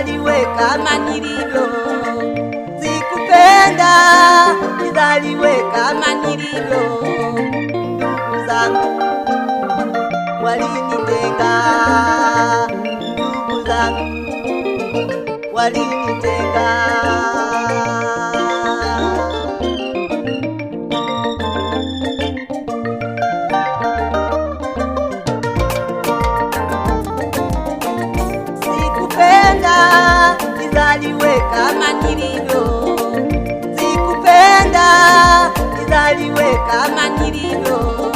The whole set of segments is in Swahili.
nizaliwe kama nilivyo, sikupenda nizaliwe kama nilivyo. Ndugu zangu walinitenga, ndugu zangu walinitenga. nizaliwe kama nilivyo, sikupenda nizaliwe kama nilivyo.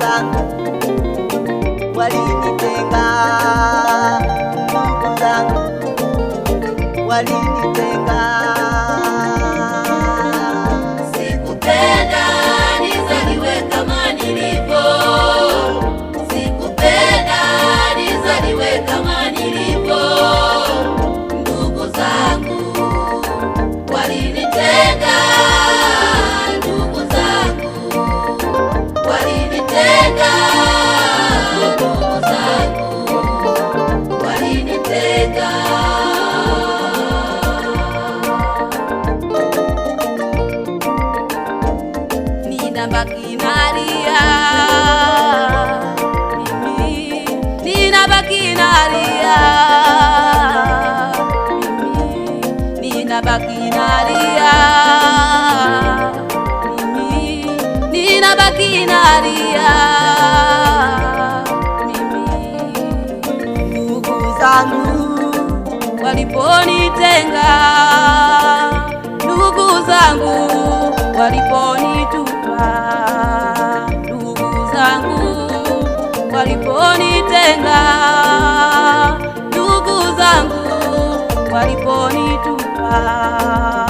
zangu walinitenga, ndugu zangu walinitenga. ninalia mimi, ndugu zangu waliponitenga, ndugu zangu waliponitupa, ndugu zangu waliponitenga, ndugu zangu waliponitupa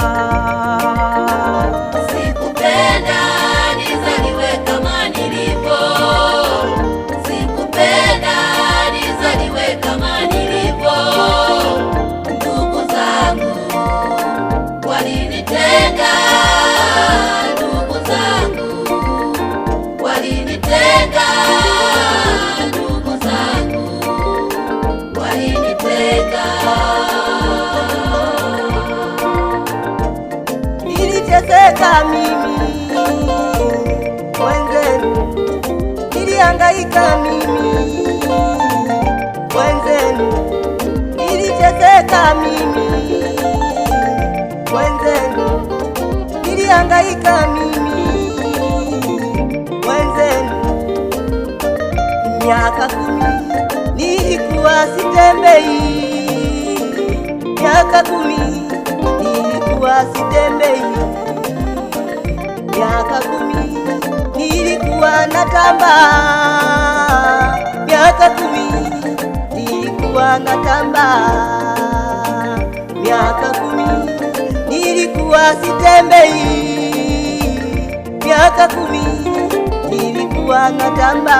niliteseka mimi wenzenu, niliangaika mimi wenzenu, niliteseka mimi wenzenu, niliangaika mimi wenzenu, miaka kumi nilikuwa sitembei miaka kumi nilikuwa sitembei miaka kumi nilikuwa tamba, miaka kumi nilikuwa tamba, miaka kumi nilikuwa sitembei, miaka kumi nilikuwa tamba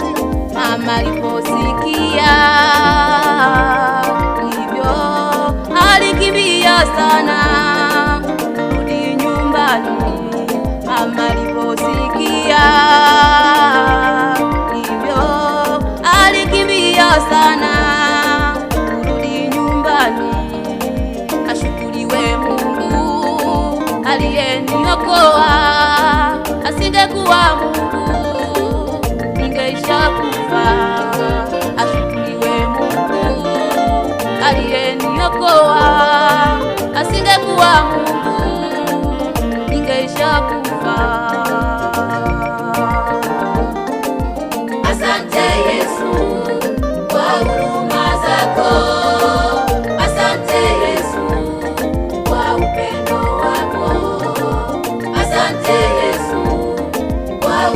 mama aliposikia hivyo alikimbia sana kurudi nyumbani. Mama aliposikia hivyo alikimbia sana kurudi nyumbani. Ashukuriwe Mungu aliyeniokoa.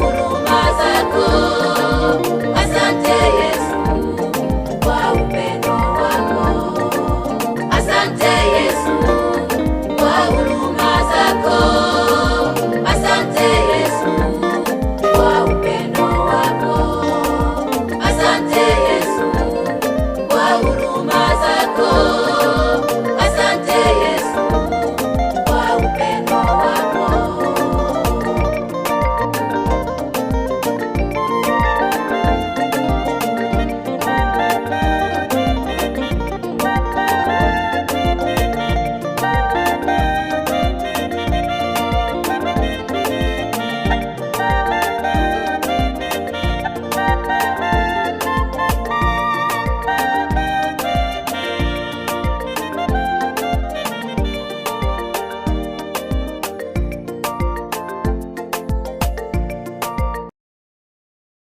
huruma zako